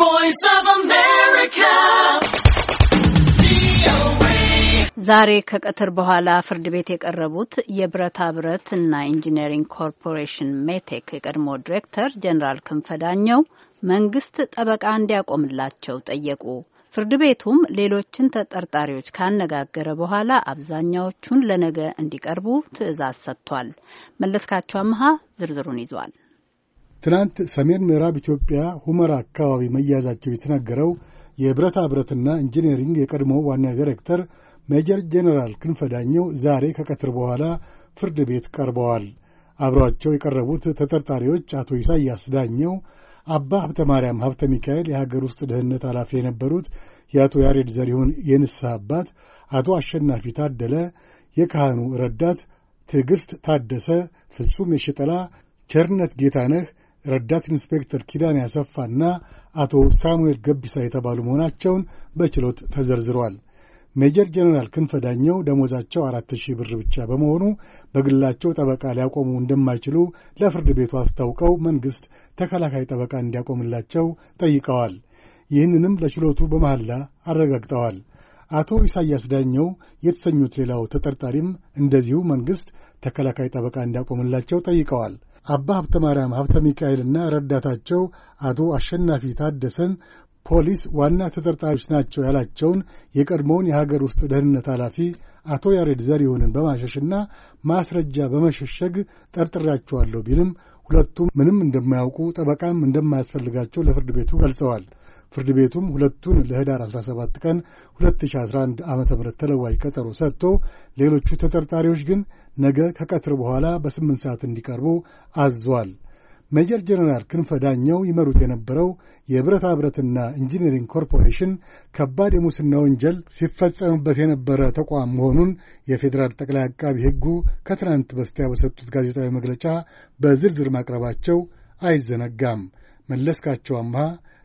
voice of America. ዛሬ ከቀትር በኋላ ፍርድ ቤት የቀረቡት የብረታ ብረት እና ኢንጂነሪንግ ኮርፖሬሽን ሜቴክ የቀድሞ ዲሬክተር ጀኔራል ክንፈ ዳኘው መንግስት ጠበቃ እንዲያቆምላቸው ጠየቁ። ፍርድ ቤቱም ሌሎችን ተጠርጣሪዎች ካነጋገረ በኋላ አብዛኛዎቹን ለነገ እንዲቀርቡ ትዕዛዝ ሰጥቷል። መለስካቸው አምሃ ዝርዝሩን ይዟል። ትናንት ሰሜን ምዕራብ ኢትዮጵያ ሁመራ አካባቢ መያዛቸው የተናገረው የብረታ ብረትና ኢንጂነሪንግ የቀድሞ ዋና ዳይሬክተር ሜጀር ጄኔራል ክንፈ ዳኘው ዛሬ ከቀትር በኋላ ፍርድ ቤት ቀርበዋል። አብሯቸው የቀረቡት ተጠርጣሪዎች አቶ ኢሳያስ ዳኘው፣ አባ ሀብተ ማርያም ሀብተ ሚካኤል የሀገር ውስጥ ደህንነት ኃላፊ የነበሩት የአቶ ያሬድ ዘሪሁን የንስሐ አባት አቶ አሸናፊ ታደለ፣ የካህኑ ረዳት ትዕግሥት ታደሰ፣ ፍጹም የሽጠላ፣ ቸርነት ጌታነህ ረዳት ኢንስፔክተር ኪዳን ያሰፋና አቶ ሳሙኤል ገቢሳ የተባሉ መሆናቸውን በችሎት ተዘርዝሯል። ሜጀር ጀኔራል ክንፈዳኘው ደሞዛቸው አራት ሺህ ብር ብቻ በመሆኑ በግላቸው ጠበቃ ሊያቆሙ እንደማይችሉ ለፍርድ ቤቱ አስታውቀው መንግሥት ተከላካይ ጠበቃ እንዲያቆምላቸው ጠይቀዋል። ይህንንም ለችሎቱ በመሐላ አረጋግጠዋል። አቶ ኢሳያስ ዳኘው የተሰኙት ሌላው ተጠርጣሪም እንደዚሁ መንግሥት ተከላካይ ጠበቃ እንዲያቆምላቸው ጠይቀዋል። አባ ሀብተ ማርያም ሀብተ ሚካኤልና ረዳታቸው አቶ አሸናፊ ታደሰን ፖሊስ ዋና ተጠርጣሪዎች ናቸው ያላቸውን የቀድሞውን የሀገር ውስጥ ደህንነት ኃላፊ አቶ ያሬድ ዘሪሁንን በማሸሽና ማስረጃ በመሸሸግ ጠርጥሬያቸዋለሁ ቢልም ሁለቱም ምንም እንደማያውቁ ጠበቃም እንደማያስፈልጋቸው ለፍርድ ቤቱ ገልጸዋል። ፍርድ ቤቱም ሁለቱን ለህዳር 17 ቀን 2011 ዓ ም ተለዋጅ ቀጠሮ ሰጥቶ ሌሎቹ ተጠርጣሪዎች ግን ነገ ከቀትር በኋላ በስምንት ሰዓት እንዲቀርቡ አዟል። ሜጀር ጀነራል ክንፈ ዳኘው ይመሩት የነበረው የብረታ ብረትና ኢንጂነሪንግ ኮርፖሬሽን ከባድ የሙስና ወንጀል ሲፈጸምበት የነበረ ተቋም መሆኑን የፌዴራል ጠቅላይ አቃቢ ሕጉ ከትናንት በስቲያ በሰጡት ጋዜጣዊ መግለጫ በዝርዝር ማቅረባቸው አይዘነጋም። መለስካቸው አምሃ